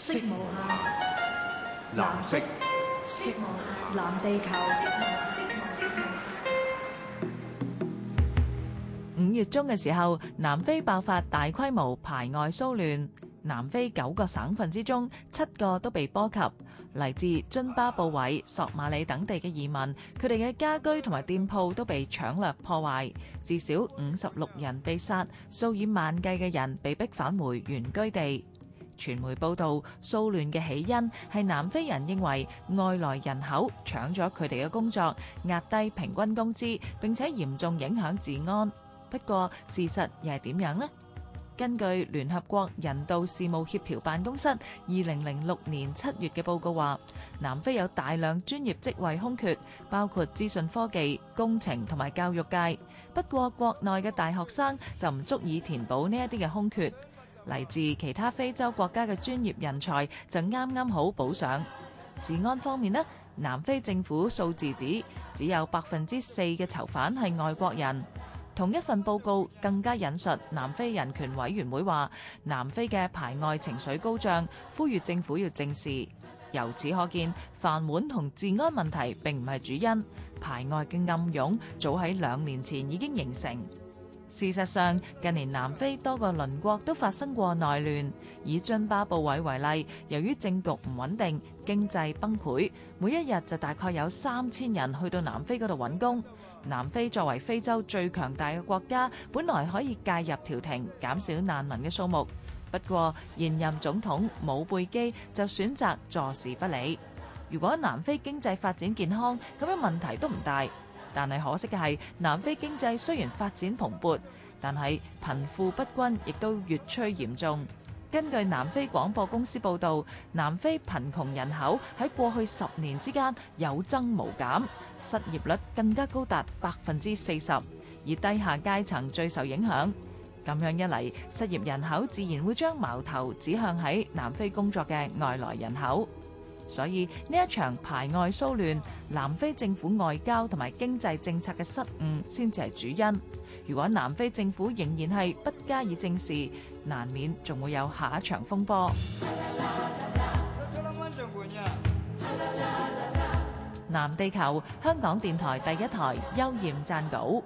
色無限藍色，藍地球。五月中嘅時候，南非爆發大規模排外騷亂。南非九個省份之中，七個都被波及。嚟自津巴布韋、索馬里等地嘅移民，佢哋嘅家居同埋店鋪都被搶掠破壞，至少五十六人被殺，數以萬計嘅人被逼返回原居地。傳媒報導騷亂嘅起因係南非人認為外來人口搶咗佢哋嘅工作，壓低平均工資，並且嚴重影響治安。不過事實又係點樣呢？根據聯合國人道事務協調辦公室2006年7嚟自其他非洲國家嘅專業人才就啱啱好補上。治安方面呢？南非政府數字指只有百分之四嘅囚犯係外國人。同一份報告更加引述南非人權委員會話：南非嘅排外情緒高漲，呼籲政府要正視。由此可見，飯碗同治安問題並唔係主因，排外嘅暗湧早喺兩年前已經形成。事實上，近年南非多個鄰國都發生過內亂。以津巴布韋為例，由於政局唔穩定、經濟崩潰，每一日就大概有三千人去到南非嗰度揾工。南非作為非洲最強大嘅國家，本來可以介入調停，減少難民嘅數目。不過現任總統姆貝基就選擇坐視不理。如果南非經濟發展健康，咁樣問題都唔大。但係可惜嘅係，南非經濟雖然發展蓬勃，但係貧富不均亦都越趨嚴重。根據南非廣播公司報導，南非貧窮人口喺過去十年之間有增無減，失業率更加高達百分之四十，而低下階層最受影響。咁樣一嚟，失業人口自然會將矛頭指向喺南非工作嘅外來人口。所以呢一場排外騷亂，南非政府外交同埋經濟政策嘅失誤，先至係主因。如果南非政府仍然係不加以正視，難免仲會有下一場風波。藍地球，香港電台第一台，邱焱撰稿。